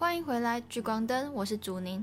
歡迎回來，劇光燈，我是祖寧。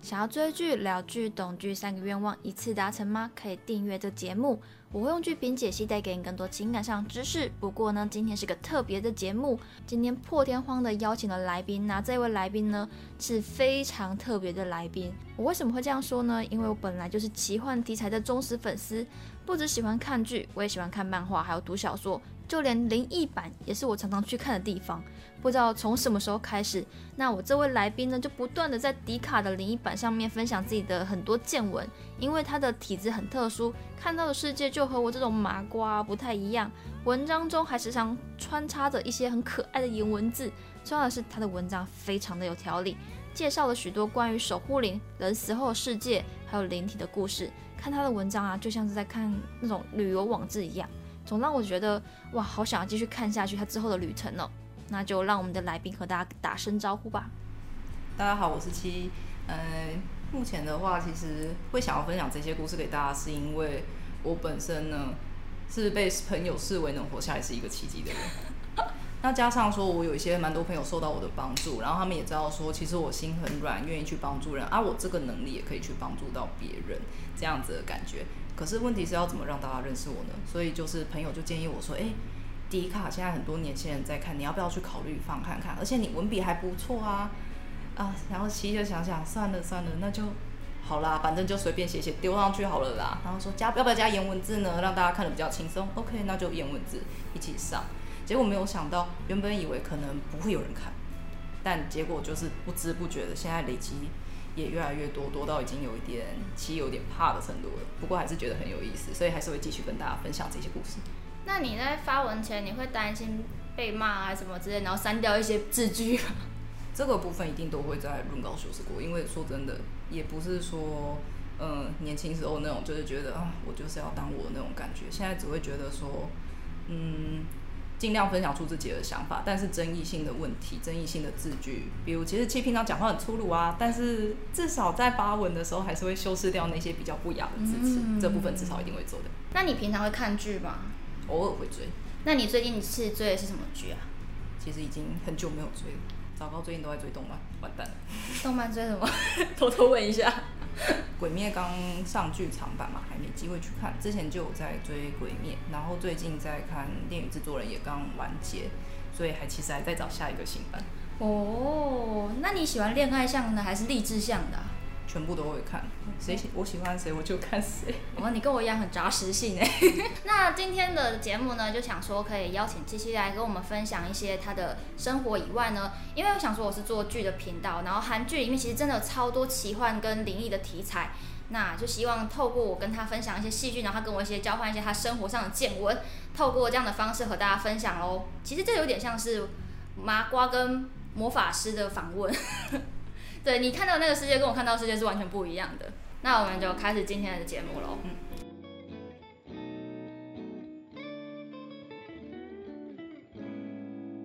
想要追劇、聊劇、懂劇三個願望一次達成嗎？可以訂閱這節目，我會用劇評解析，帶給你更多情感上知識。不過呢，今天是個特別的節目，今天破天荒的邀請了來賓。那、啊、這位來賓呢，是非常特別的來賓。我為什麼會這樣說呢？因為我本來就是奇幻題材的忠實粉絲，不只喜歡看劇，我也喜歡看漫畫，還有讀小說。就連靈異版也是我常常去看的地方。不知道從什麼時候開始，那我這位來賓呢，就不斷的在迪卡的靈異版上面分享自己的很多見聞。因為他的體質很特殊，看到的世界就和我這種麻瓜不太一樣。文章中還時常穿插着一些很可愛的顏文字。重要的是，他的文章非常的有條理，介紹了許多關於守護靈、人死後世界還有靈體的故事。看他的文章啊，就像是在看那種旅遊網志一樣。總讓我覺得哇，好想要繼續看下去他之後的旅程哦。那就讓我們的來賓和大家打聲招呼吧。大家好，我是柒。嗯、呃，目前的話，其實會想要分享這些故事給大家，是因為我本身呢是被朋友視為能活下來是一個奇蹟的人。 那加上說，我有一些蠻多朋友受到我的幫助，然後他們也知道說，其實我心很軟，願意去幫助人，啊，我這個能力也可以去幫助到別人，這樣子的感覺。可是問題是要怎麼讓大家認識我呢？所以就是朋友就建議我說，哎、欸，Dcard，現在很多年輕人在看，你要不要去考慮放看看？而且你文筆還不錯啊，啊，然後其實想想，算了算了，那就好啦，反正就隨便寫寫，丟上去好了啦。然後說加要不要加顏文字呢？讓大家看得比較輕鬆。OK，那就顏文字一起上。結果沒有想到，原本以為可能不會有人看，但結果就是不知不覺的，現在累積也越來越多，多到已經有一點，其實有點怕的程度了。不過還是覺得很有意思，所以還是會繼續跟大家分享這些故事。那你在發文前，你會擔心被罵啊什麼之類，然後刪掉一些字句嗎？這個部分一定都會在潤稿修飾過，因為說真的，也不是說，嗯，年輕時候那種就是覺得啊，我就是要當我的那種感覺，現在只會覺得說，嗯。盡量分享出自己的想法，但是爭議性的問題、爭議性的字句，比如其實柒平常講話很粗魯啊，但是至少在發文的時候還是會修飾掉那些比較不雅的字詞，嗯、這部分至少一定會做的。那你平常會看劇嗎？偶爾會追。那你最近是追的是什麼劇啊？其實已經很久沒有追了，糟糕，最近都在追動漫，完蛋了。動漫追什麼？ 偷偷問一下。 鬼滅剛上劇場版嘛，還沒機會去看。之前就有在追鬼滅，然後最近在看電影製作人也剛完結，所以還其實還在找下一個新番。哦，oh, 那你喜歡戀愛向的還是勵志向的？全部都會看，誰喜我喜歡誰我就看誰。哇，你跟我一樣很扎實性哎。 那今天的節目呢，就想說可以邀請七七來跟我們分享一些他的生活以外呢，因為我想說我是做劇的頻道，然後韓劇裡面其實真的有超多奇幻跟靈異的題材，那就希望透過我跟他分享一些戲劇，然後他跟我一些交換一些他生活上的見聞，透過這樣的方式和大家分享哦。其實這有點像是麻瓜跟魔法師的訪問。對，你看到那個世界跟我看到的世界是完全不一樣的。那我們就開始今天的節目嘍。嗯，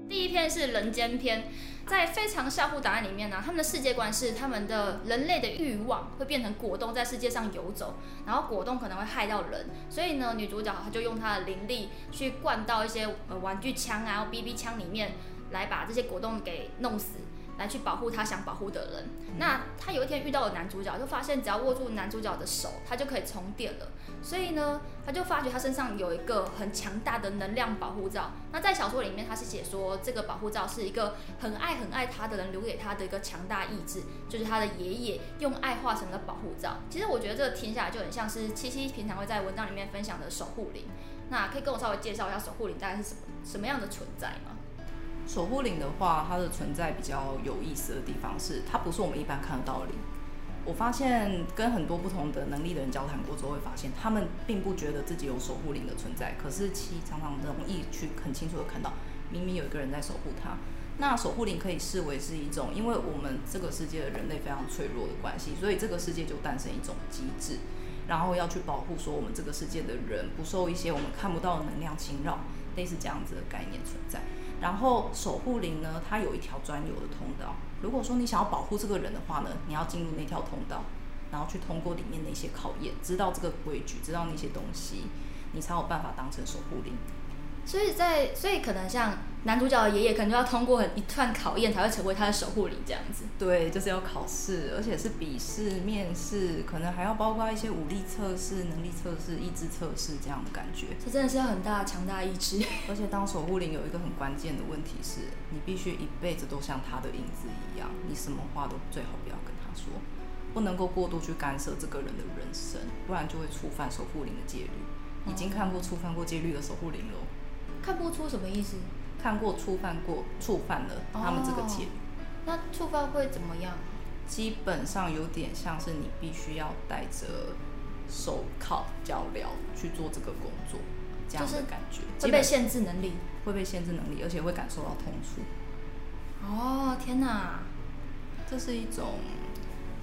第一篇是人間篇。在《非常校護檔案》裡面呢，啊，他們的世界觀是他們的人類的慾望會變成果凍在世界上游走，然後果凍可能會害到人，所以呢，女主角她就用她的靈力去灌到一些，呃、玩具槍啊、BB 槍裡面，來把這些果凍給弄死。來去保護他想保護的人，那他有一天遇到了男主角，就發現只要握住男主角的手，他就可以充電了。所以呢，他就發覺他身上有一個很強大的能量保護罩。那在小說裡面，他是寫說這個保護罩是一個很愛很愛他的人留給他的一個強大意志，就是他的爺爺用愛化成了保護罩。其實我覺得這個聽起來就很像是柒柒平常會在文章裡面分享的守護靈。那可以跟我稍微介紹一下守護靈大概是什麼什麼樣的存在嗎？守護靈的話，它的存在比較有意思的地方是，它不是我們一般看得到靈。我發現跟很多不同的能力的人交談過之後，會發現他們並不覺得自己有守護靈的存在，可是其常常容易去很清楚的看到，明明有一個人在守護他。那守護靈可以視為是一種，因為我們這個世界的人類非常脆弱的關係，所以這個世界就誕生一種機制，然後要去保護說我們這個世界的人不受一些我們看不到的能量侵擾，類似這樣子的概念存在。然後守護靈呢，它有一條專有的通道。如果說你想要保護這個人的話呢，你要進入那條通道，然後去通過裡面的一些考驗，知道這個規矩，知道那些東西，你才有辦法當成守護靈。所以在，所以可能像。男主角的爺爺可能就要通過很一串考驗才會成為他的守護靈，這樣子。對，就是要考試，而且是筆試、面試，可能還要包括一些武力測試、能力測試、意志測試這樣的感覺。這真的是要很大強大意志。而且當守護靈有一個很關鍵的問題是你必須一輩子都像他的影子一樣，你什麼話都最好不要跟他說，不能夠過度去干涉這個人的人生，不然就會觸犯守護靈的戒律。哦、已經看過觸犯過戒律的守護靈了，看不出什麼意思。看過觸犯過觸犯了他們這個界、哦，那觸犯會怎麼樣？基本上有點像是你必須要帶着手銬腳鐐去做這個工作，這樣的感覺，會被限制能力，會被限制能力，而且會感受到痛楚。哦天哪，這是一種，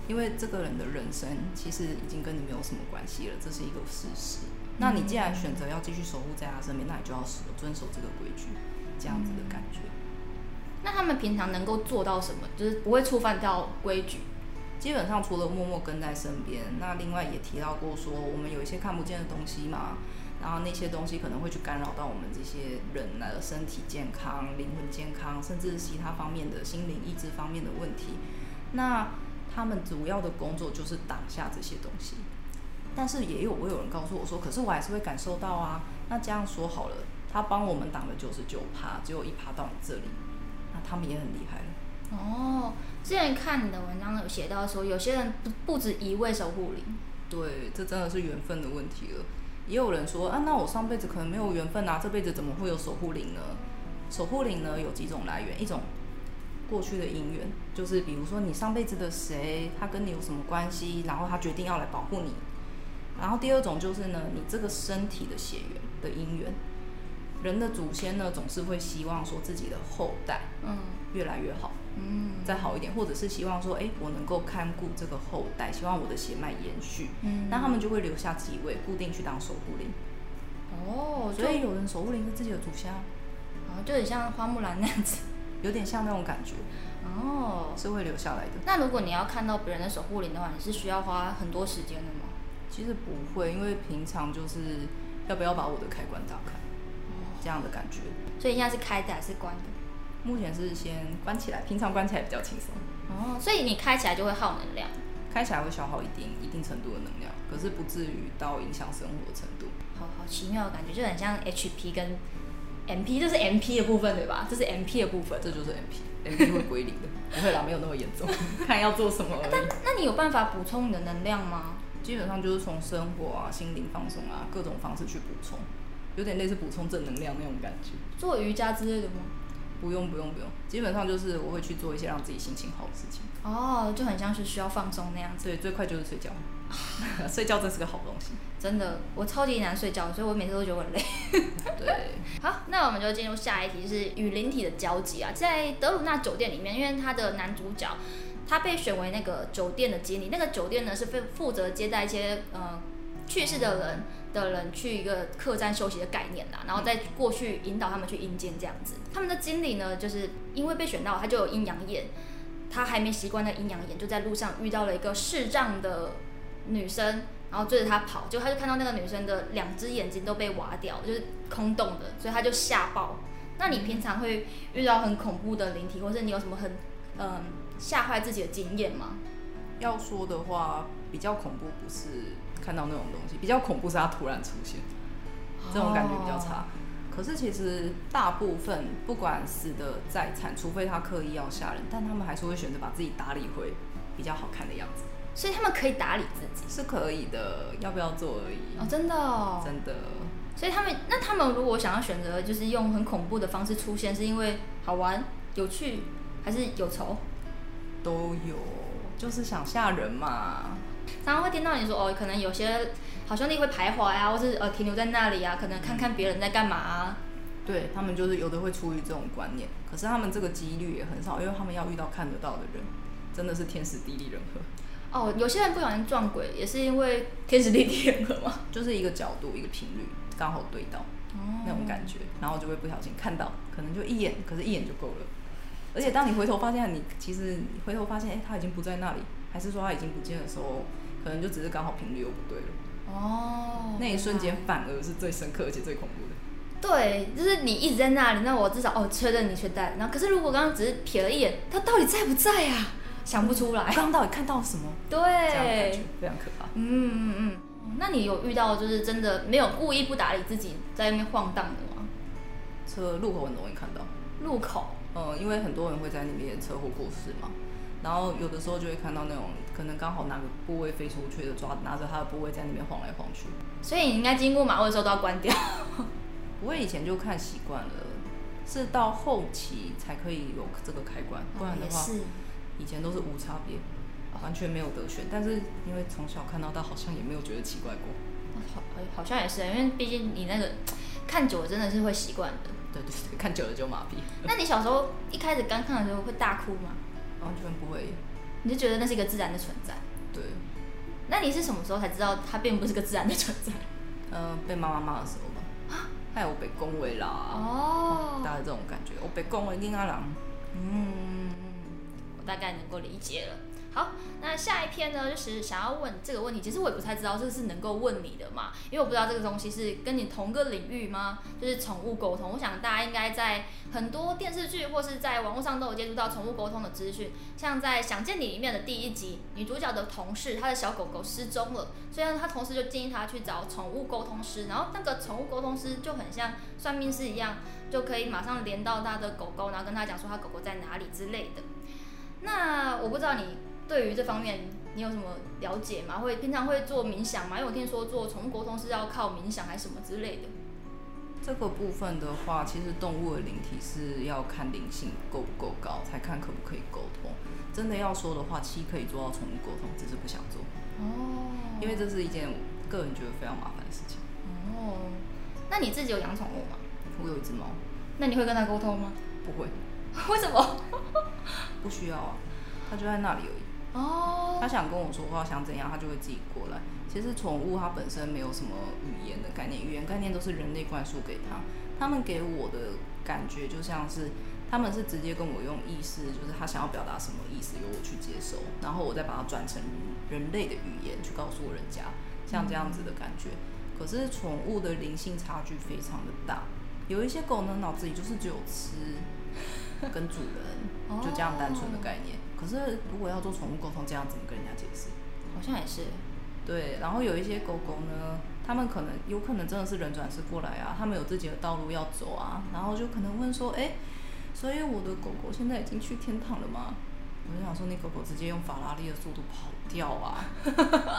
因為這個人的人生其實已經跟你沒有什麼關係了，這是一個事實。嗯、那你既然選擇要繼續守護在他身邊，嗯、那你就要死了，遵守這個規矩。這樣子的感覺，嗯、那他們平常能夠做到什麼？就是不會觸犯到規矩，基本上除了默默跟在身邊，那另外也提到過說，我們有一些看不見的東西嘛，然後那些東西可能會去干擾到我們這些人的、呃、身體健康、靈魂健康，甚至其他方面的心靈意志方面的問題。那他們主要的工作就是擋下這些東西，但是也有會有人告訴我說，可是我還是會感受到啊。那這樣說好了。他幫我們擋了九十九趴，只有一趴到你這裡，那他們也很厲害了。哦，之前看你的文章有寫到說，有些人不不止一位守護靈。對，這真的是緣分的問題了。也有人說啊，那我上輩子可能沒有緣分啊，這輩子怎麼會有守護靈呢？守護靈呢有幾種來源，一種過去的姻緣，就是比如說你上輩子的誰，他跟你有什麼關係，然後他決定要來保護你。然後第二種就是呢，你這個身體的血緣的姻緣。人的祖先呢，總是會希望說自己的後代嗯，越來越好嗯，嗯再好一點，或者是希望說哎、欸、我能夠看顧這個後代，希望我的血脈延續嗯，那他們就會留下幾位固定去當守護靈哦，所以，所以有人守護靈是自己的祖先啊，就很像花木蘭那樣子，有點像那種感覺哦，是會留下來的。的那如果你要看到別人的守護靈的話，你是需要花很多時間的嗎？其實不會，因為平常就是要不要把我的開關打開。這樣的感覺，所以現在是開的還是關的？目前是先關起來，平常關起來比較輕鬆。哦，所以你開起來就會耗能量，開起來會消耗一定一定程度的能量，可是不至於到影響生活的程度。好，好奇妙的感覺，就很像 HP 跟 MP，這是 MP 的部分對吧？這是 MP 的部分，這就是 MP，MP MP 會歸零的，不 會啦，沒有那麼嚴重， 看要做什麼而已。那那你有辦法補充你的能量嗎？基本上就是從生活啊、心靈放鬆啊各種方式去補充。有點類似補充正能量那種感覺，做瑜伽之類的嗎？不用不用不用，基本上就是我會去做一些讓自己心情好的事情。哦，oh, 就很像是需要放鬆那樣，所以最快就是睡覺。 睡覺真是個好東西。 真的，我超級難睡覺，所以我每次都覺得我很累。 對， 好，那我們就進入下一題，就是與靈體的交集啊。在德魯納酒店裡面，因為他的男主角他被選為那個酒店的經理，那個酒店呢是負負責接待一些、呃、去世的人。的人去一個客棧休息的概念啦，然後再過去引導他們去陰間這樣子。他們的經理呢，就是因為被選到，他就有陰陽眼，他還沒習慣那陰陽眼，就在路上遇到了一個視障的女生，然後追着他跑，結果他就看到那個女生的兩隻眼睛都被挖掉，就是空洞的，所以他就嚇爆。那你平常會遇到很恐怖的靈體，或是你有什麼很嗯嚇壞自己的經驗嗎？要說的話，比較恐怖不是。看到那種東西比較恐怖，是他突然出現，這種感覺比較差。Oh. 可是其實大部分不管死得再慘，除非他刻意要嚇人，但他們還是會選擇把自己打理回比較好看的樣子。所以他們可以打理自己，是可以的，要不要做而已。Oh, 哦、嗯，真的，真的。所以他們那他們如果想要選擇就是用很恐怖的方式出現，是因為好玩、有趣，還是有仇？都有，就是想嚇人嘛。常常會聽到你說哦，可能有些好兄弟會徘徊啊，或是呃停留在那裡啊，可能看看別人在幹嘛，啊嗯。對，他們就是有的會出於這種觀念，可是他們這個幾率也很少，因為他們要遇到看得到的人，真的是天時地利人和。哦，有些人不小心撞鬼，也是因為天時地利人和嘛，就是一個角度，一個頻率剛好對到，哦，那種感覺，然後就會不小心看到，可能就一眼，可是一眼就夠了。而且當你回頭發現，你其實回頭發現，誒，哎，他已經不在那裡。還是說他已經不見的時候，可能就只是剛好頻率又不對了。哦，那一瞬間反而是最深刻而且最恐怖的。對，就是你一直在那裡，那我至少哦確認你卻在。然後可是如果剛剛只是瞥了一眼，他到底在不在啊？想不出來，剛、嗯、到底看到了什麼？對，這樣的感覺，非常可怕。嗯嗯嗯。那你有遇到就是真的沒有故意不打理自己在那邊晃蕩的嗎？車路口很容易看到，路口，嗯，因為很多人會在那邊車禍過世嘛。然後有的時候就會看到那種可能剛好哪個部位飛出去的抓，拿着他的部位在那邊晃來晃去，所以你應該經過馬路的時候都要關掉。不會，以前就看習慣了，是到後期才可以有這個開關，不然的話以前都是無差別，哦、完全沒有得選。但是因為從小看到大，好像也沒有覺得奇怪過。好，好像也是，因為畢竟你那個看久了真的是會習慣的。對對對，看久了就麻痹。那你小時候一開始剛看的時候會大哭嗎？完全不會，你就覺得那是一個自然的存在？對。那你是什麼時候才知道它並不是個自然的存在？呃，被媽媽罵的時候吧。蛤？害我被恭維啦。哦，哦。大概這種感覺，我被恭維另阿郎。嗯，我大概能夠理解了。好，那下一篇呢，就是想要問這個問題，其實我也不太知道這個是能夠問你的嘛，因為我不知道這個東西是跟你同個領域嗎？就是寵物溝通，我想大家應該在很多電視劇或是在網絡上都有接觸到寵物溝通的資訊，像在《想見你》裡面的第一集，女主角的同事，她的小狗狗失蹤了，所以她同事就建議她去找寵物溝通師，然後那個寵物溝通師就很像算命師一樣，就可以馬上連到她的狗狗，然後跟她講說她狗狗在哪裡之類的。那我不知道你。對於這方面，你有什麼了解嗎？會平常會做冥想嗎？因為我聽說做寵物溝通是要靠冥想還是什麼之類的。這個部分的話，其實動物的靈體是要看靈性夠不夠高，才看可不可以溝通。真的要說的話，其實可以做到寵物溝通，只是不想做。哦。Oh. 因為這是一件我個人覺得非常麻煩的事情。哦。Oh. 那你自己有養寵物嗎？我有一隻貓。那你會跟他溝通嗎？不會。 為什麼？ 不需要啊。它就在那裡有一。哦，他想跟我說話，想怎樣，他就會自己過來。其實寵物它本身沒有什麼語言的概念，語言概念都是人類灌輸給他。他們給我的感覺就像是，他們是直接跟我用意識，就是他想要表達什麼意思，由我去接收，然後我再把它轉成人人類的語言去告訴人家，像這樣子的感覺。嗯、可是寵物的靈性差距非常的大，有一些狗呢，腦子裡就是只有吃，跟主人 就這樣單純的概念。可是，如果要做寵物溝通，這樣怎麼跟人家解釋？好像也是。對，然後有一些狗狗呢，他們可能有可能真的是人轉世過來啊，他們有自己的道路要走啊，然後就可能問說，哎、欸，所以我的狗狗現在已經去天堂了嗎？我就想說，那狗狗直接用法拉利的速度跑掉啊，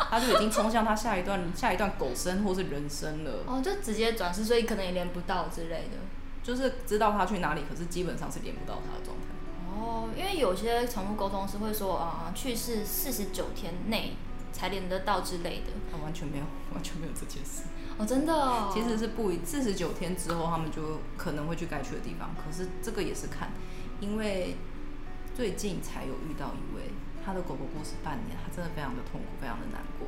它 就已經衝向它下一段 下一段狗生或是人生了。哦，就直接轉世，所以可能也連不到之類的，就是知道它去哪裡，可是基本上是連不到它的狀態。哦，因為有些寵物溝通師會說啊、呃，去世四十九天內才連得到之類的，啊，完全沒有，完全沒有這件事哦，真的，哦，其實是不宜，四十九天之後他們就可能會去該去的地方，可是這個也是看，因為最近才有遇到一位，他的狗狗過世半年，他真的非常的痛苦，非常的難過，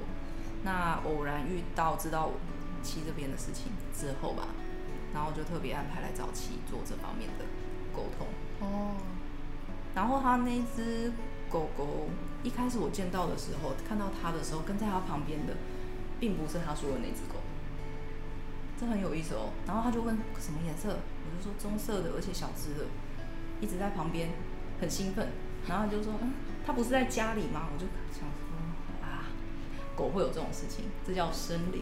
那偶然遇到知道七這邊的事情之後吧，然後就特別安排來找七做這方面的溝通哦。然後他那隻狗狗，一開始我見到的時候，看到他的時候，跟在他旁邊的，並不是他說的那隻狗，這很有意思哦。然後他就問什麼顏色，我就說棕色的，而且小隻的，一直在旁邊，很興奮。然後就說，嗯，他不是在家裡嗎？我就想說，嗯、啊，狗會有這種事情，這叫生靈。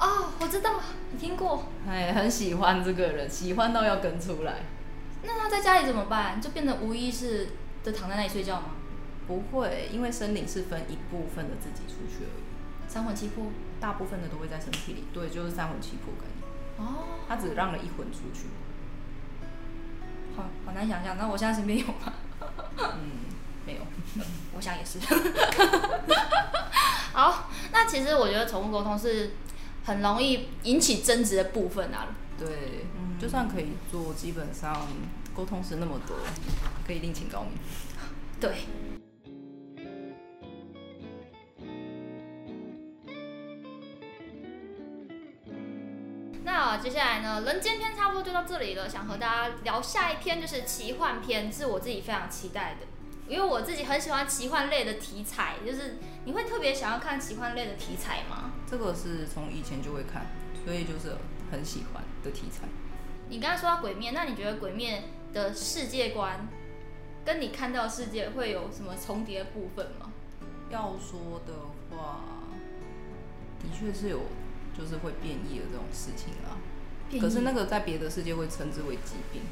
啊。哦，我知道，你聽過。哎，很喜歡這個人，喜歡到要跟出來。那他在家裡怎麼辦？就變得無意識的躺在那裡睡覺嗎？不會，因為生靈是分一部分的自己出去而已。三魂七魄，大部分的都會在身體裡。對，就是三魂七魄概念。哦，他只讓了一魂出去。嗯、好好難想象。那我現在身邊有嗎？嗯，沒有。 我想也是。 好，那其實我覺得寵物溝通是很容易引起爭執的部分啊。對，嗯，就算可以做，基本上溝通是那麼多，可以另請高明。對。那接下來呢？人間篇差不多就到這裡了，想和大家聊下一篇，就是奇幻篇，是我自己非常期待的，因為我自己很喜歡奇幻類的題材。就是你會特別想要看奇幻類的題材嗎？這個是從以前就會看，所以就是。很喜歡的題材。你剛才說到鬼面，那你覺得鬼面的世界觀，跟你看到世界會有什麼重疊的部分嗎？要說的話，的確是有，就是會變異的這種事情啊。變異。可是那個在別的世界會稱之為疾病。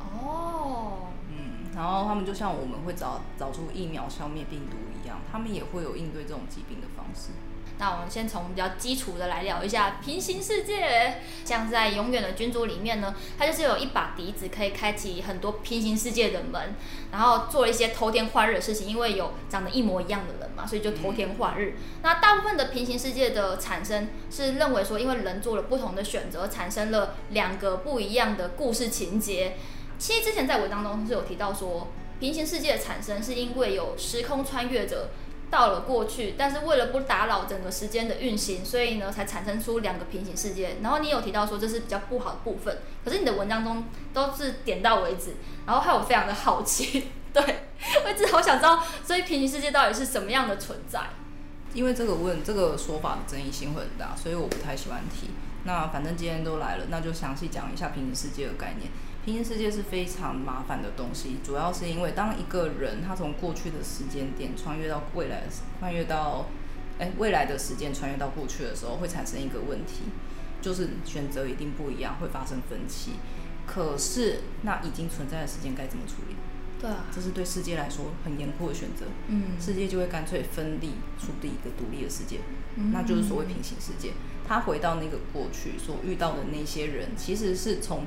哦。嗯，然後他們就像我們會找找出疫苗消滅病毒一樣，他們也會有應對這種疾病的方式。那我們先從比較基礎的來聊一下平行世界。像在《永遠的君主》裡面呢，它就是有一把笛子，可以開啟很多平行世界的門，然後做一些偷天換日的事情。因為有長得一模一樣的人嘛，所以就偷天換日。嗯、那大部分的平行世界的產生是認為說，因為人做了不同的選擇，產生了兩個不一樣的故事情節。其實之前在文當中是有提到說，平行世界的產生是因為有時空穿越者。到了過去，但是為了不打擾整個時間的運行，所以呢，才產生出兩個平行世界。然後你有提到說這是比較不好的部分，可是你的文章中都是點到為止，然後害我非常的好奇，對，我一直好想知道，所以平行世界到底是什麼樣的存在？因為這個問這個說法的爭議性會很大，所以我不太喜歡提。那反正今天都來了，那就詳細講一下平行世界的概念。平行世界是非常麻煩的東西，主要是因為當一個人他從過去的時間點穿越到未來的時，穿越到誒未來的時間穿越到過去的時候，會產生一個問題，就是選擇一定不一樣，會發生分歧。可是那已經存在的時間該怎麼處理？對啊，這是對世界來說很嚴酷的選擇。嗯，世界就會乾脆分離出一個獨立的世界，嗯，那就是所謂平行世界。他回到那個過去所遇到的那些人，其實是從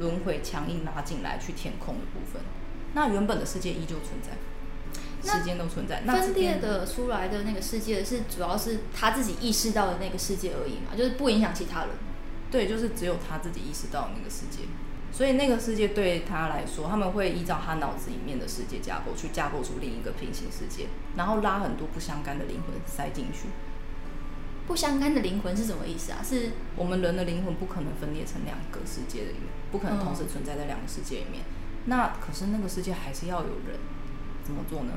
輪回強硬拉進來去填空的部分。那原本的世界依舊存在，時間都存在。那分裂的出來的那個世界是主要是他自己意識到的那個世界而已嘛，就是不影響其他人。對，就是只有他自己意識到的那個世界，所以那個世界對他來說，他們會依照他腦子裡面的世界架構去架構出另一個平行世界，然後拉很多不相干的靈魂塞進去。不相干的靈魂是什麼意思啊？是我們人的靈魂不可能分裂成兩個世界裡面，不可能同時存在在兩個世界裡面。嗯、那可是那個世界還是要有人，怎麼做呢？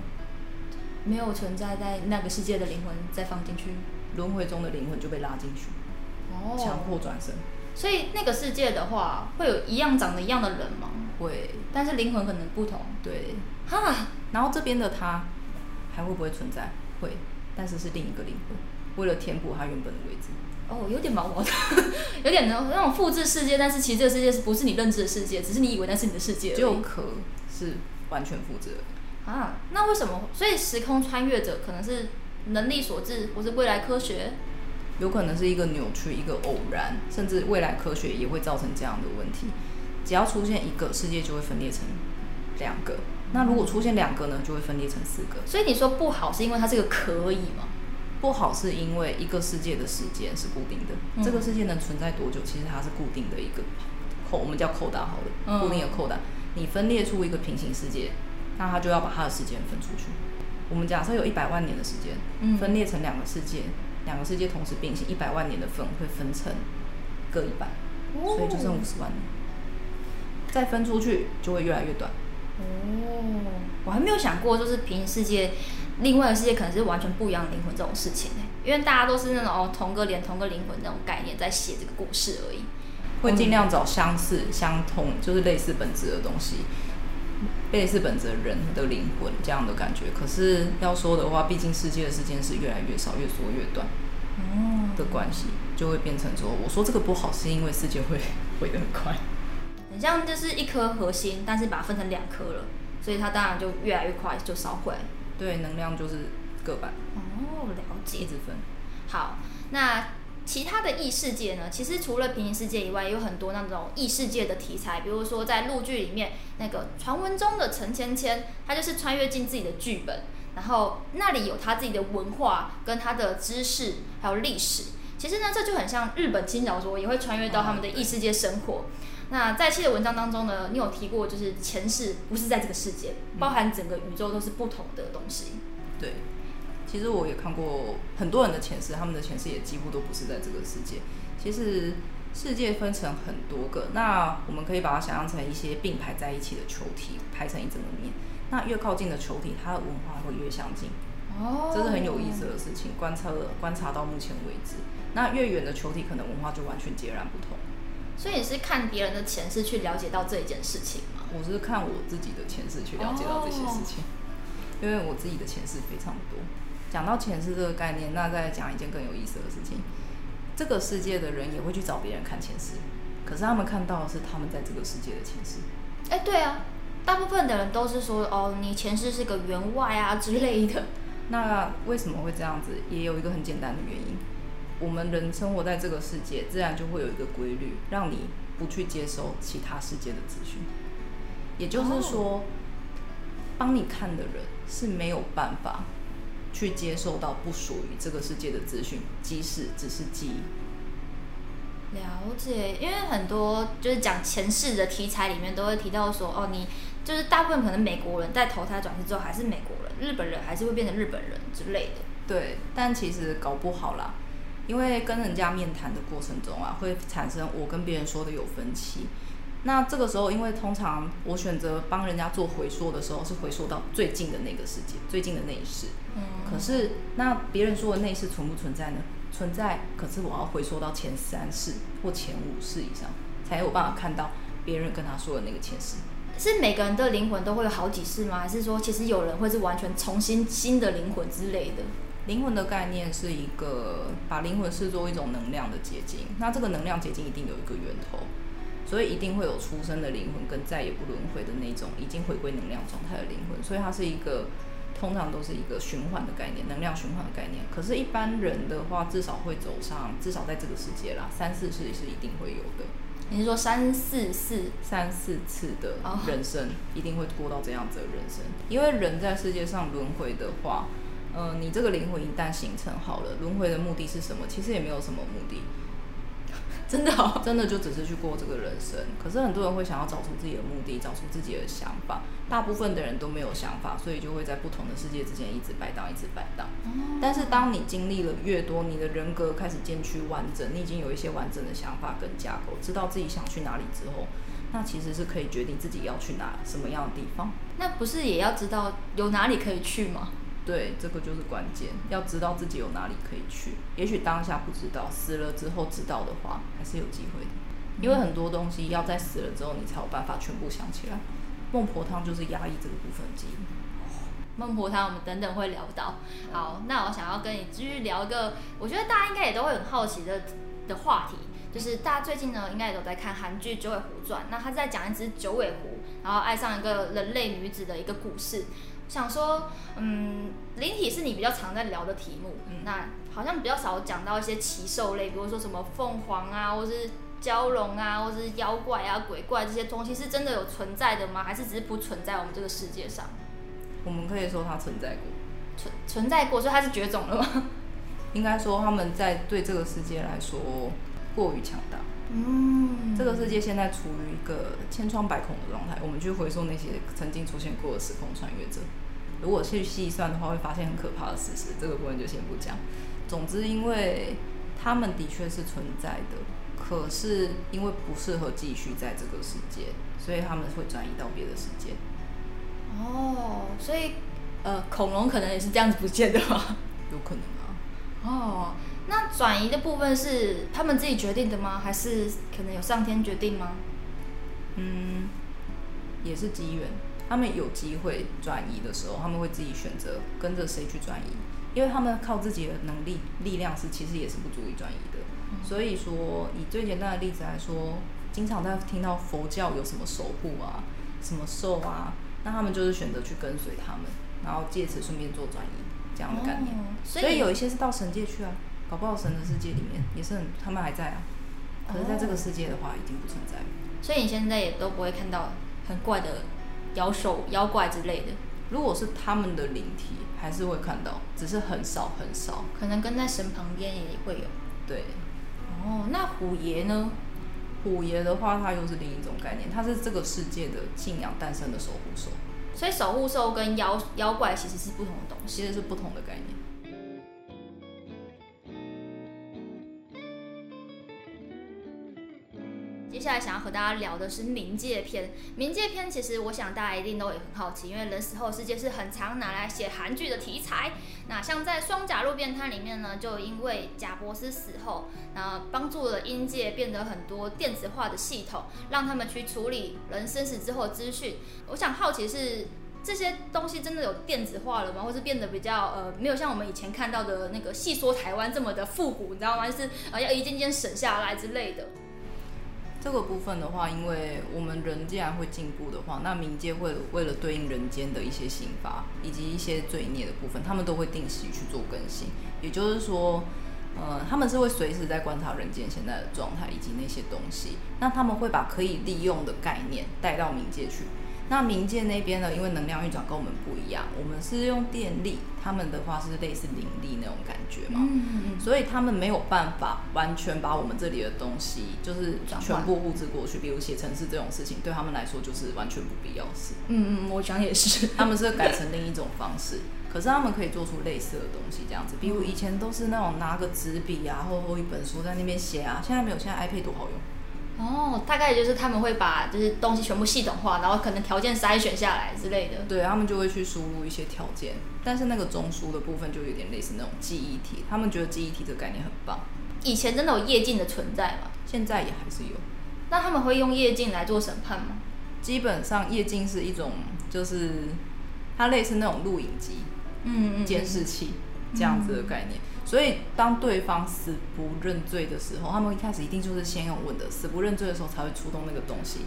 沒有存在在那個世界的靈魂再放進去，輪回中的靈魂就被拉進去，哦，強迫轉生。所以那個世界的話，會有一樣長得一樣的人嗎？會，但是靈魂可能不同。對，哈，然後這邊的他還會不會存在？會，但是是另一個靈魂。為了填補它原本的位置，哦，oh, 有點毛毛的， 有點那種複製世界，但是其實這個世界是不是你認知的世界，只是你以為那是你的世界。就殼是完全複製。啊，那為什麼？所以時空穿越者可能是能力所致，或是未來科學，有可能是一個扭曲，一個偶然，甚至未來科學也會造成這樣的問題。只要出現一個世界，就會分裂成兩個。那如果出現兩個呢，就會分裂成四個。嗯、所以你說不好，是因為它這個可以嗎？不好是因為一個世界的時間是固定的，嗯、這個世界能存在多久，其實它是固定的一個扣，我們叫扣打好了，固定的扣打，嗯、你分裂出一個平行世界，那它就要把它的時間分出去。我們假設有一百萬年的時間，分裂成兩個世界，嗯、兩個世界同時並行，一百萬年的分會分成各一半，哦、所以就剩五十萬年。再分出去就會越來越短。哦，我還沒有想過，就是平行世界，另外的世界可能是完全不一樣的靈魂這種事情哎、欸，因為大家都是那種哦，同個臉、同個靈魂這種概念在寫這個故事而已。會盡量找相似、相同，就是類似本質的東西，類似本質的人的靈魂這樣的感覺。可是要說的話，畢竟世界的時間是越來越少，越縮越短哦的關係，就會變成說，我說這個不好，是因為世界會毀得很快。像就是一顆核心，但是把它分成兩顆了，所以它當然就越來越快就，就燒毀。對，能量就是各半。哦，了解。一直分。好，那其他的異世界呢？其實除了平行世界以外，也有很多那種異世界的題材。比如說在陸劇裡面，那個傳聞中的陳芊芊，她就是穿越進自己的劇本，然後那裡有她自己的文化、跟她的知識還有歷史。其實呢，這就很像日本輕小說，也會穿越到他們的異世界生活。啊那在柒的文章當中呢，你有提過，就是前世不是在這個世界，嗯、包含整個宇宙都是不同的東西。對，其實我也看過很多人的前世，他們的前世也幾乎都不是在這個世界。其實世界分成很多個，那我們可以把它想象成一些並排在一起的球體，排成一整個面。那越靠近的球體，它的文化會越相近。哦，oh, man. 這是很有意思的事情。觀察了觀察到目前為止，那越遠的球體，可能文化就完全截然不同。所以你是看別人的前世去了解到這件事情嗎？我是看我自己的前世去了解到這些事情，Oh. 因為我自己的前世非常多。講到前世這個概念，那再講一件更有意思的事情：這個世界的人也會去找別人看前世，可是他們看到的是他們在這個世界的前世。哎、欸，對啊，大部分的人都是說哦，你前世是個員外啊之類的。欸、那為什麼會這樣子？也有一個很簡單的原因。我們人生活在這個世界，自然就會有一個規律，讓你不去接受其他世界的資訊。也就是說，哦、幫你看的人是沒有辦法去接受到不屬於這個世界的資訊，即使只是記憶。了解，因為很多就是講前世的題材裡面都會提到說，哦，你就是大部分可能美國人，在投胎轉世之後還是美國人，日本人還是會變成日本人之類的。對，但其實搞不好啦。因為跟人家面談的過程中啊，會產生我跟別人說的有分歧。那這個時候，因為通常我選擇幫人家做回溯的時候，是回溯到最近的那個世界，最近的那一世。嗯。可是那別人說的那一世存不存在呢？存在。可是我要回溯到前三世或前五世以上，才有辦法看到別人跟他說的那個前世。是每個人的靈魂都會有好幾世嗎？還是說，其實有人會是完全重新新的靈魂之類的？靈魂的概念是一個，把靈魂視作一種能量的結晶，那這個能量結晶一定有一個源頭，所以一定會有出生的靈魂跟再也不輪迴的那種已經回歸能量狀態的靈魂，所以它是一個通常都是一個循環的概念，能量循環的概念。可是一般人的話，至少會走上，至少在這個世界啦，三四次是一定會有的。你是說三四四三四次的人生、oh. 一定會過到這樣子的人生？因為人在世界上輪迴的話。呃，你這個靈魂一旦形成好了，輪迴的目的是什麼？其實也沒有什麼目的， 真的、哦，真的就只是去過這個人生。可是很多人會想要找出自己的目的，找出自己的想法。大部分的人都沒有想法，所以就會在不同的世界之間一直擺盪，一直擺盪。嗯、但是當你經歷了越多，你的人格開始漸趨完整，你已經有一些完整的想法跟架構，知道自己想去哪裡之後，那其實是可以決定自己要去哪什麼樣的地方。那不是也要知道有哪裡可以去嗎？對，這個就是關鍵，要知道自己有哪裡可以去。也許當下不知道，死了之後知道的話，還是有機會的。因為很多東西要在死了之後，你才有辦法全部想起來。孟婆湯就是壓抑這個部分記憶。孟婆湯，我們等等會聊到。好，那我想要跟你繼續聊一個，我覺得大家應該也都會很好奇的的話題，就是大家最近呢，應該也都在看韓劇《九尾狐傳》，那他在講一只九尾狐，然後愛上一個人類女子的一個故事。想說，嗯，靈體是你比較常在聊的題目，嗯，那好像比較少講到一些奇獸類，比如說什麼鳳凰啊，或是蛟龍啊，或是妖怪啊、鬼怪這些東西，是真的有存在的嗎？還是只是不存在我們這個世界上？我們可以說它存在過，存存在過，所以它是絕種了嗎？應該說他們在對這個世界來說過於強大，嗯，這個世界現在處於一個千瘡百孔的狀態。我們去回溯那些曾經出現過的時空穿越者，如果去細細算的話，會發現很可怕的事實。這個部分就先不講。總之，因為他們的確是存在的，可是因為不適合繼續在這個世界，所以他們會轉移到別的世界。哦，所以呃，恐龍可能也是這樣子不見的嗎？ 有可能啊。哦。那轉移的部分是他們自己決定的嗎？還是可能有上天決定嗎？嗯，也是機緣，他們有機會轉移的時候，他們會自己選擇跟着誰去轉移，因為他們靠自己的能力力量是其實也是不足以轉移的。嗯、所以說，以最簡單的例子來說，經常在聽到佛教有什麼守護啊、什麼獸啊，那他們就是選擇去跟隨他們，然後借此順便做轉移這樣的概念。哦、所以、所以有一些是到神界去啊。搞不好神的世界裡面也是很，他們還在啊，可是在這個世界的話已經不存在了。哦，所以你現在也都不會看到很怪的妖獸、妖怪之類的。如果是他們的靈體，還是會看到，只是很少很少。可能跟在神旁邊也會有。對。哦，那虎爺呢？虎爺的話，他又是另一種概念，他是這個世界的信仰誕生的守護獸。所以守護獸跟妖妖怪其實是不同的東西，其實是不同的概念。接下來想要和大家聊的是冥界篇。冥界篇其實我想大家一定都會很好奇，因為人死後世界是很常拿來寫韓劇的題材。那像在《雙甲路邊攤》裡面呢，就因為賈博士死後，那幫助了陰界變得很多電子化的系統，讓他們去處理人生死之後的資訊。我想好奇是這些東西真的有電子化了嗎？或是變得比較呃沒有像我們以前看到的那個戲說台灣這麼的復古，你知道嗎？就是呃要一件件省下來之類的。這個部分的話，因為我們人既然會進步的話，那冥界會為了對應人間的一些刑罰以及一些罪孽的部分，他們都會定期去做更新。也就是說，呃，他們是會隨時在觀察人間現在的狀態以及那些東西，那他們會把可以利用的概念帶到冥界去。那冥界那邊呢？因為能量運轉跟我們不一樣，我們是用電力，他們的話是類似靈力那種感覺嘛。嗯嗯嗯。嗯，所以他們沒有辦法完全把我們這裡的東西，就是全部複製過去。全比如寫程式這種事情，對他們來說就是完全不必要的事，嗯嗯，我想也是。他們是改成另一種方式， 可是他們可以做出類似的東西，這樣子。比如以前都是那種拿個紙筆啊，厚厚一本書在那邊寫啊，現在沒有，現在 iPad 多好用。哦，oh, 大概也就是他們會把就是東西全部系統化，然後可能條件篩選下來之類的。對他們就會去輸入一些條件，但是那個中樞的部分就有點類似那種記憶體，他們覺得記憶體這個概念很棒。以前真的有業鏡的存在嗎？現在也還是有。那他們會用業鏡來做審判嗎？基本上業鏡是一種，就是它類似那種錄影機，嗯，嗯，嗯，嗯，監視器。這樣子的概念，嗯、所以當對方死不認罪的時候，他們一開始一定就是先用問的，死不認罪的時候才會觸動那個東西。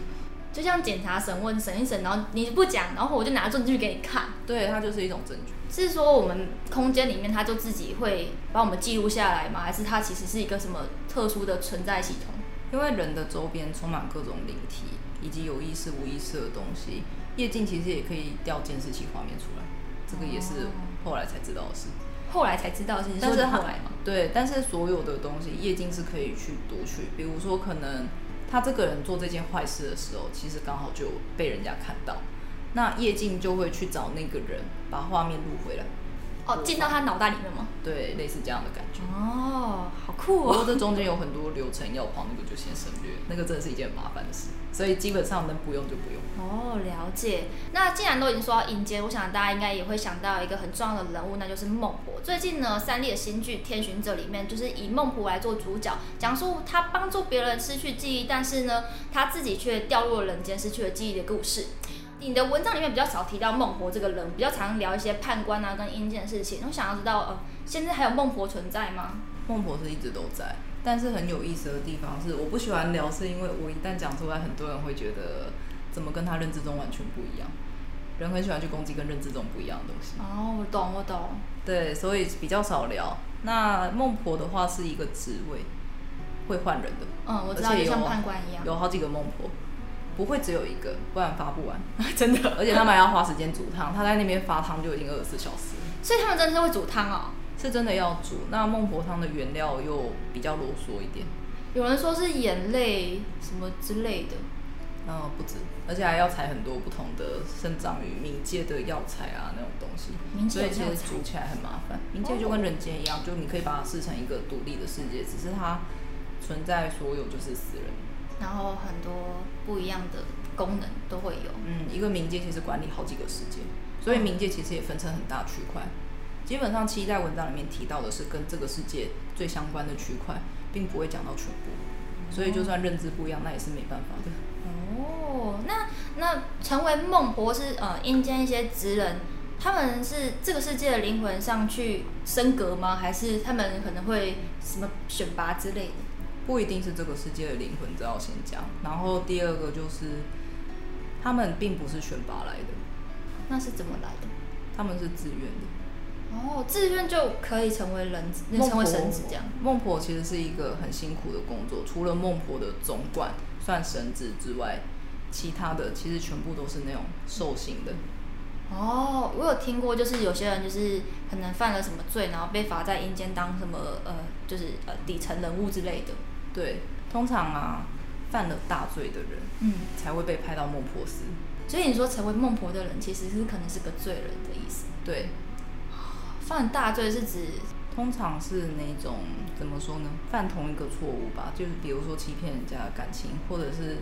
就像檢查、審問，審一審，然後你不講，然後我就拿證據給你看。對，它就是一種證據。是說我們空間裡面，它就自己會把我們記錄下來嗎？還是它其實是一個什麼特殊的存在系統？因為人的周邊充滿各種靈體以及有意識、無意識的東西。夜鏡其實也可以調監視器畫面出來，這個也是後來才知道的事。哦後來才知道，但是後來嘛、就是，對，但是所有的東西，業鏡是可以去讀取。比如說，可能他這個人做這件壞事的時候，其實剛好就被人家看到，那業鏡就會去找那個人，把畫面錄回來。哦，進到他腦袋裡面嗎？對，類似這樣的感覺。哦，好酷哦！不過這中間有很多流程要跑，那個就先省略，那個真的是一件很麻煩的事，所以基本上能不用就不用。哦，了解。那既然都已經說到陰間，我想大家應該也會想到一個很重要的人物，那就是孟婆。最近呢，三立的新劇《天巡者》裡面就是以孟婆來做主角，講述他幫助別人失去記憶，但是呢，他自己卻掉入了人間，失去了記憶的故事。你的文章裡面比較少提到孟婆這個人，比較常聊一些判官啊、跟陰間的事情。我想要知道，呃，現在還有孟婆存在嗎？孟婆是一直都在，但是很有意思的地方是，我不喜歡聊，是因為我一旦講出來，很多人會覺得怎麼跟他認知中完全不一樣。人很喜歡去攻擊跟認知中不一樣的東西。哦，我懂，我懂。對，所以比較少聊。那孟婆的話是一個職位，會換人的。嗯，我知道，也像判官一樣，有好幾個孟婆。不會只有一個，不然發不完， 真的。而且他們還要花時間煮湯，他在那邊發湯就已經二十四小時。所以他們真的是會煮湯啊？哦，是真的要煮。那孟婆湯的原料又比較囉嗦一點，有人說是眼淚什麼之類的，嗯、呃、不止，而且還要採很多不同的生長於冥界的藥材啊那種東西。冥界的藥材？所以其實煮起來很麻煩。冥界就跟人間一樣，就你可以把它視成一個獨立的世界，只是它存在所有就是死人。然後很多不一樣的功能都會有。嗯，一個冥界其實管理好幾個世界，所以冥界其實也分成很大區塊。基本上，七在文章裡面提到的是跟這個世界最相關的區塊，並不會講到全部。所以，就算認知不一樣，那也是沒辦法的。哦，那那成為孟婆是呃陰間一些職人，他們是這個世界的靈魂上去升格嗎？還是他們可能會什麼選拔之類的？不一定是這個世界的靈魂，只要先講。然後第二個就是，他們並不是選拔來的，那是怎麼來的？他們是自願的。哦，自願就可以成為人，孟婆，成為神子這樣。孟婆其實是一個很辛苦的工作，除了孟婆的總管算神子之外，其他的其實全部都是那種獸形的。哦，我有聽過，就是有些人就是可能犯了什麼罪，然後被罰在陰間當什麼呃，就是呃底層人物之類的。對，通常啊，犯了大罪的人，嗯，才會被派到孟婆司。所以你說成為孟婆的人，其實是可能是個罪人的意思。對，犯大罪是指，通常是那種，怎麼說呢？犯同一個錯誤吧，就是比如說欺騙人家的感情，或者是，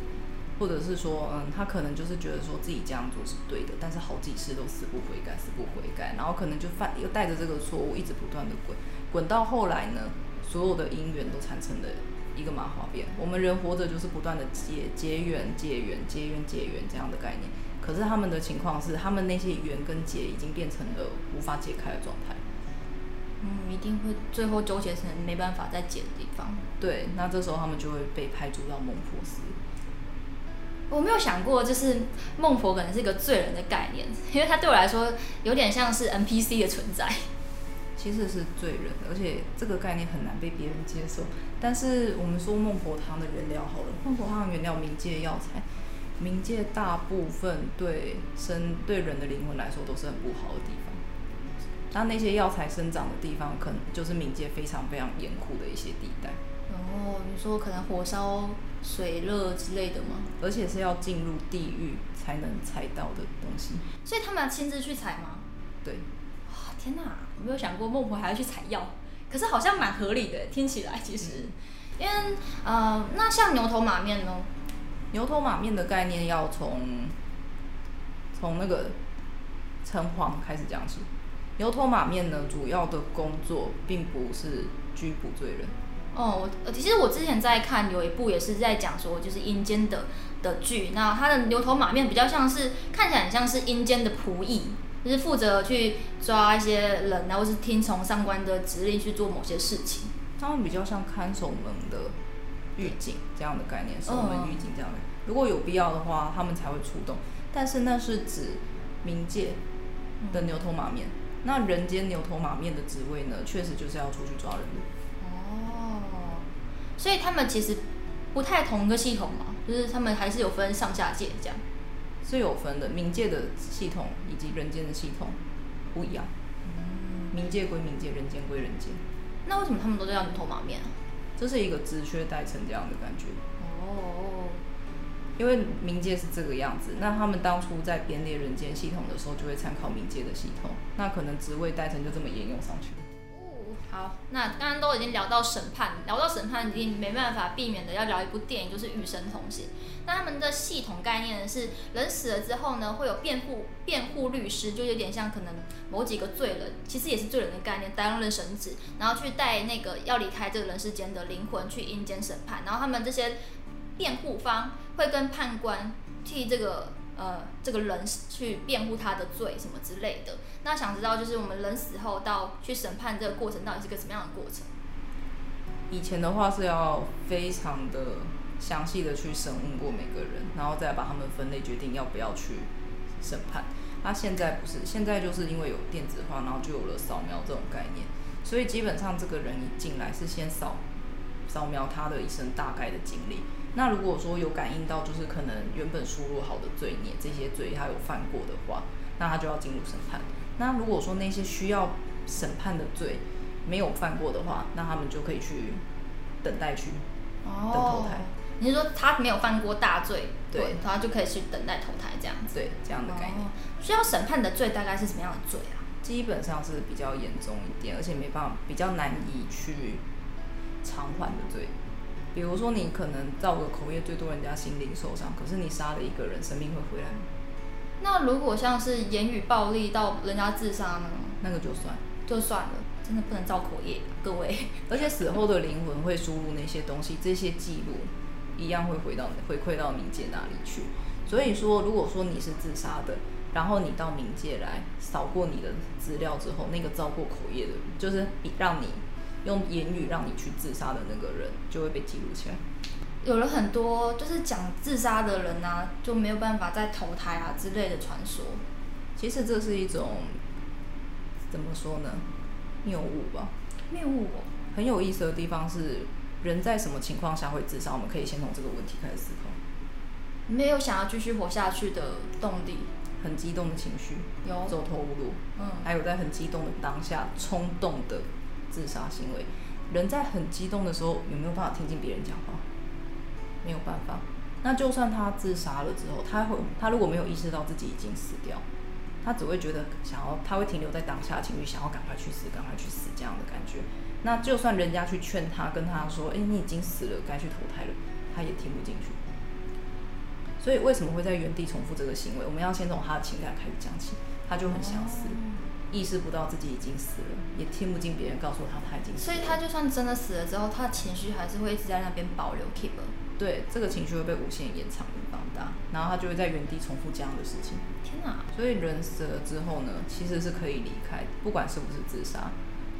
或者是說，嗯，他可能就是覺得說自己這樣做是對的，但是好幾次都死不悔改，死不悔改，然後可能就犯，又帶着這個錯誤一直不斷的滾，滾到後來呢？所有的因緣都產生了一個麻花辮。我們人活着就是不斷的結結緣、結緣、結緣、結緣這樣的概念。可是他們的情況是，他們那些緣跟結已經變成了無法解開的狀態。嗯，一定會最後糾結成沒辦法再解的地方。對，那這時候他們就會被派駐到孟婆司。我沒有想過，就是孟婆可能是一個罪人的概念，因為他對我來說有點像是 NPC 的存在。其實是罪人，而且這個概念很難被別人接受。但是我們說孟婆湯的原料好了，孟婆湯原料，冥界藥材，冥界大部分對生對人的靈魂來說都是很不好的地方。那那些藥材生長的地方，可能就是冥界非常非常嚴酷的一些地帶。然後、哦、你說可能火燒水熱之類的嗎？而且是要進入地獄才能採到的東西。所以他們要親自去採嗎？對。哇、哦，天哪！啊！有沒有想過孟婆還要去採藥？可是好像蠻合理的，聽起來其實，嗯、因為啊、呃，那像牛頭馬面呢，牛頭馬面的概念要從從那個城隍開始講起。牛頭馬面呢，主要的工作並不是拘捕罪人。哦，我其實我之前在看有一部也是在講說就是陰間的的劇，那他的牛頭馬面比較像是看起來很像是陰間的僕役。就是負責去抓一些人，然後是聽從上官的指令去做某些事情。他們比較像看守門的獄警這樣的概念，守門獄警這樣的。嗯、如果有必要的話，他們才會出動。但是那是指冥界的牛頭馬面。嗯、那人間牛頭馬面的職位呢，確實就是要出去抓人的。哦，所以他們其實不太同一個系統嘛，就是他們還是有分上下界這樣。是有分的，冥界的系統以及人間的系統不一樣。嗯，冥界歸冥界，人間歸人間。那為什麼他們都這樣頭馬面啊？這是一個職缺代稱這樣的感覺。哦，oh. 因為冥界是這個樣子，那他們當初在編列人間系統的時候，就會參考冥界的系統，那可能職位代稱就這麼沿用上去。好，那剛剛都已經聊到審判，聊到審判已經沒辦法避免的要聊一部電影，就是《與神同行》。那他們的系統概念呢是，人死了之後呢，會有辯護辯護律師，就有點像可能某幾個罪人，其實也是罪人的概念，擔任神職，然後去帶那個要離開這個人世間的靈魂去陰間審判，然後他們這些辯護方會跟判官替這個。呃，這個人去辯護他的罪什麼之類的，那想知道就是我們人死後到去審判這個過程到底是個什麼樣的過程？以前的話是要非常的詳細的去審問過每個人，然後再把他們分類，決定要不要去審判。那、啊、現在不是，現在就是因為有電子化，然後就有了掃描這種概念，所以基本上這個人一進來是先掃掃描他的一生大概的經歷。那如果說有感應到，就是可能原本輸入好的罪孽，這些罪他有犯過的話，那他就要進入審判。那如果說那些需要審判的罪沒有犯過的話，那他們就可以去等待去哦等投胎。你是說他沒有犯過大罪？對，對他就可以去等待投胎這樣子。對，這樣的概念。哦，需要審判的罪大概是什麼樣的罪啊？基本上是比較嚴重一點，而且沒辦法比較難以去償還的罪。嗯比如說，你可能造個口業，最多人家心靈受傷，可是你殺了一個人，生命會回來嗎？那如果像是言語暴力到人家自殺呢？那個就算就算了，真的不能造口業，各位。而且死後的靈魂會輸入那些東西，這些記錄一樣會回到回饋到冥界那裡去。所以說，如果說你是自殺的，然後你到冥界來掃過你的資料之後，那個造過口業的人，就是讓你。用言語讓你去自殺的那個人就會被記錄起來。有了很多就是講自殺的人呢、啊，就沒有辦法再投胎啊之類的傳說。其實這是一種怎麼說呢？謬誤吧。謬誤、哦。很有意思的地方是，人在什麼情況下會自殺？我們可以先從這個問題開始思考。沒有想要繼續活下去的動力。很激動的情緒。有。走投無路。嗯。還有在很激動的當下，衝動的。自殺行為，人在很激動的時候有沒有辦法聽進別人講話？沒有辦法。那就算他自殺了之後，他會他如果沒有意識到自己已經死掉，他只會覺得想要，他會停留在當下的情緒，想要趕快去死，趕快去死這樣的感覺。那就算人家去勸他，跟他說：“誒，你已經死了，該去投胎了。”他也聽不進去。所以為什麼會在原地重複這個行為？我們要先從他的情感開始講起，他就很想死。意識不到自己已經死了，也聽不進別人告訴他他已經死了。所以，他就算真的死了之後，他的情緒還是會一直在那邊保留，keep。對，這個情緒會被無限延長、放大，然後他就會在原地重複這樣的事情。天啊！所以人死了之後呢，其實是可以離開，不管是不是自殺。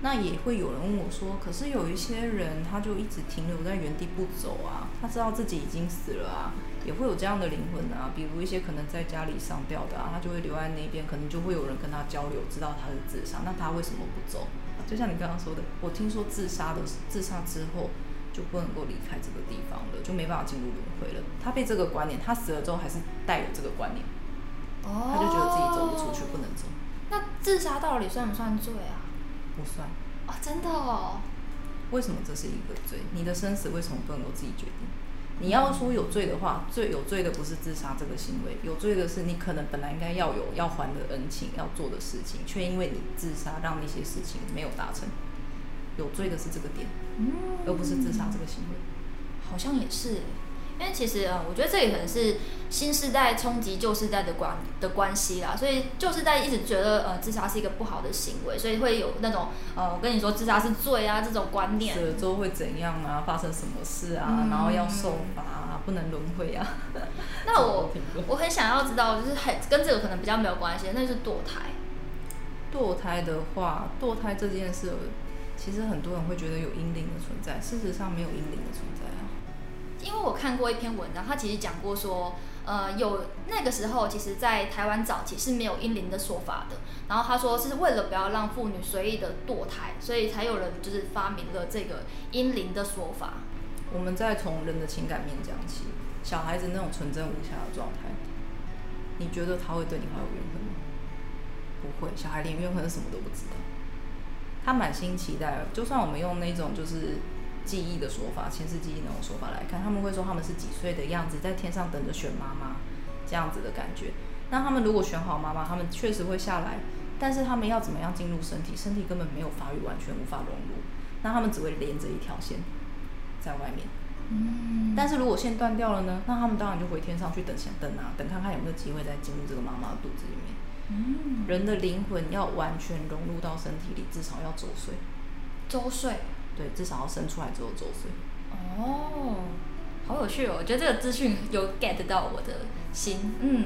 那也會有人問我說：“可是有一些人，他就一直停留在原地不走啊，他知道自己已經死了啊。”也會有這樣的靈魂啊，比如一些可能在家裡上吊的啊，他就會留在那邊，可能就會有人跟他交流，知道他是自殺，那他為什麼不走？就像你剛剛說的，我聽說自殺的自殺之後就不能夠離開這個地方了，就沒辦法進入輪迴了。他被這個觀念，他死了之後還是帶有這個觀念。哦，他就覺得自己走不出去，不能走。那自殺到底算不算罪啊？不算。哦，真的哦？為什麼這是一個罪？你的生死為什麼不能夠自己決定？你要說有罪的話，罪有罪的不是自殺這個行為，有罪的是你可能本來應該要有要還的恩情、要做的事情，卻因為你自殺讓那些事情沒有達成，有罪的是這個點，而不是自殺這個行為。好像也是。因為其實，嗯、呃，我覺得這也可能是新時代衝擊舊時代的關的關係啦，所以舊時代一直覺得，呃，自殺是一個不好的行為，所以會有那種，呃，我跟你說，自殺是罪啊，這種觀念。死了之後會怎樣啊？發生什麼事啊？嗯、然後要受罰啊？不能輪迴啊？ 那我我很想要知道，就是很跟這個可能比較沒有關係，那是墮胎。墮胎的話，墮胎這件事，其實很多人會覺得有嬰靈的存在，事實上沒有嬰靈的存在啊。因為我看過一篇文章，他其實講過說，呃，有那個時候其實，在台灣早期是沒有嬰靈的說法的。然後他說，是為了不要讓婦女隨意的墮胎，所以才有人就是發明了這個嬰靈的說法。我們再從人的情感面講起，小孩子那種純真無瑕的狀態，你覺得他會對你懷有怨恨嗎？不會，小孩連怨恨是什麼都不知道，他滿心期待。就算我們用那種就是。記憶的說法，前世記憶的那種說法來看，他們會說他們是幾歲的樣子，在天上等着選媽媽，這樣子的感覺。那他們如果選好媽媽，他們確實會下來，但是他們要怎麼樣進入身體？身體根本沒有發育，完全無法融入，那他們只會連着一條線，在外面。嗯。但是如果線斷掉了呢？那他們當然就回天上去等，等啊，等看看有沒有機會再進入這個媽媽的肚子裡面。嗯。人的靈魂要完全融入到身體裡，至少要周歲。周歲。對，至少要生出來之後周歲。哦，oh, 好有趣哦！我覺得這個資訊有 get 到我的心，嗯，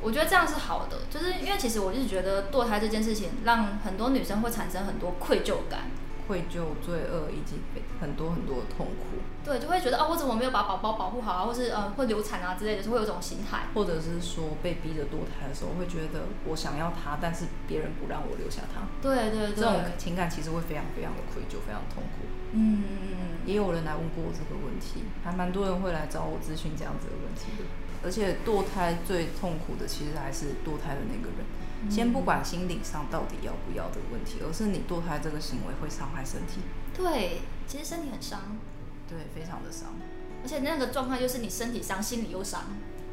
我覺得這樣是好的，就是因為其實我一直覺得墮胎這件事情，讓很多女生會產生很多愧疚感。愧疚、會救罪惡，以及很多很多的痛苦。對，就會覺得啊，哦、或是我怎麼沒有把寶寶保護好啊？或是嗯，會流產啊之類的，就會有種心態，或者是說被逼着墮胎的時候，會覺得我想要他，但是別人不讓我留下他。對對對，這種情感其實會非常非常的愧疚，非常痛苦。嗯嗯嗯嗯，也有人來問過我這個問題，還蠻多人會來找我諮詢這樣子的問題的。而且墮胎最痛苦的，其實還是墮胎的那個人。先不管心理上到底要不要的問題，而是你墮胎這個行為會傷害身體。對，其實身體很傷。對，非常的傷。而且那個狀態就是你身體傷，心理又傷。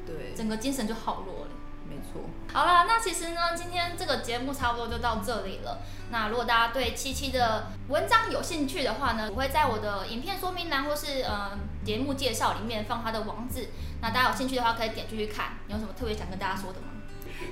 對，整個精神就好弱了。沒錯。好啦，那其實呢，今天這個節目差不多就到這裡了。那如果大家對七七的文章有興趣的話呢，我會在我的影片說明欄或是嗯節目介紹裡面放他的網址。那大家有興趣的話可以點進去看。你有什麼特別想跟大家說的嗎？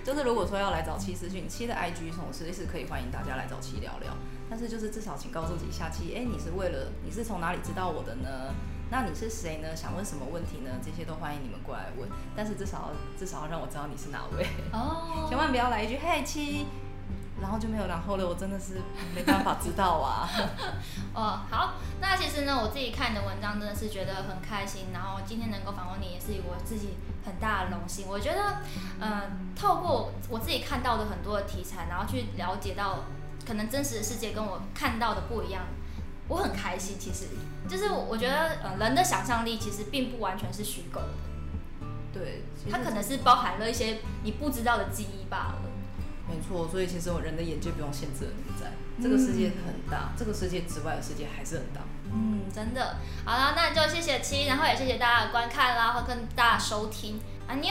就是如果說要來找七私訊，七的 IG 從實際是可以歡迎大家來找七聊聊，但是就是至少請告訴自己下，下七哎，你是為了你是從哪裡知道我的呢？那你是誰呢？想問什麼問題呢？這些都歡迎你們過來問，但是至少要至少要讓我知道你是哪位哦，oh. 千萬不要來一句嗨七。然後就沒有然後了，我真的是沒辦法知道啊。 哦，好，那其實呢，我自己看你的文章真的是覺得很開心。然後今天能夠訪問你，也是我自己很大的榮幸。我覺得，嗯、呃，透過我自己看到的很多的題材，然後去了解到，可能真實的世界跟我看到的不一樣，我很開心。其實，就是我覺得，嗯，人的想象力其實並不完全是虛構的，對，就是、它可能是包含了一些你不知道的記憶罷了。沒錯，所以其實我人的眼界不用限制了，在這個世界很大，嗯、這個世界之外的世界還是很大，嗯，真的。好了，那就謝謝柒，然後也謝謝大家的觀看啦，也跟大家的收聽，阿妞。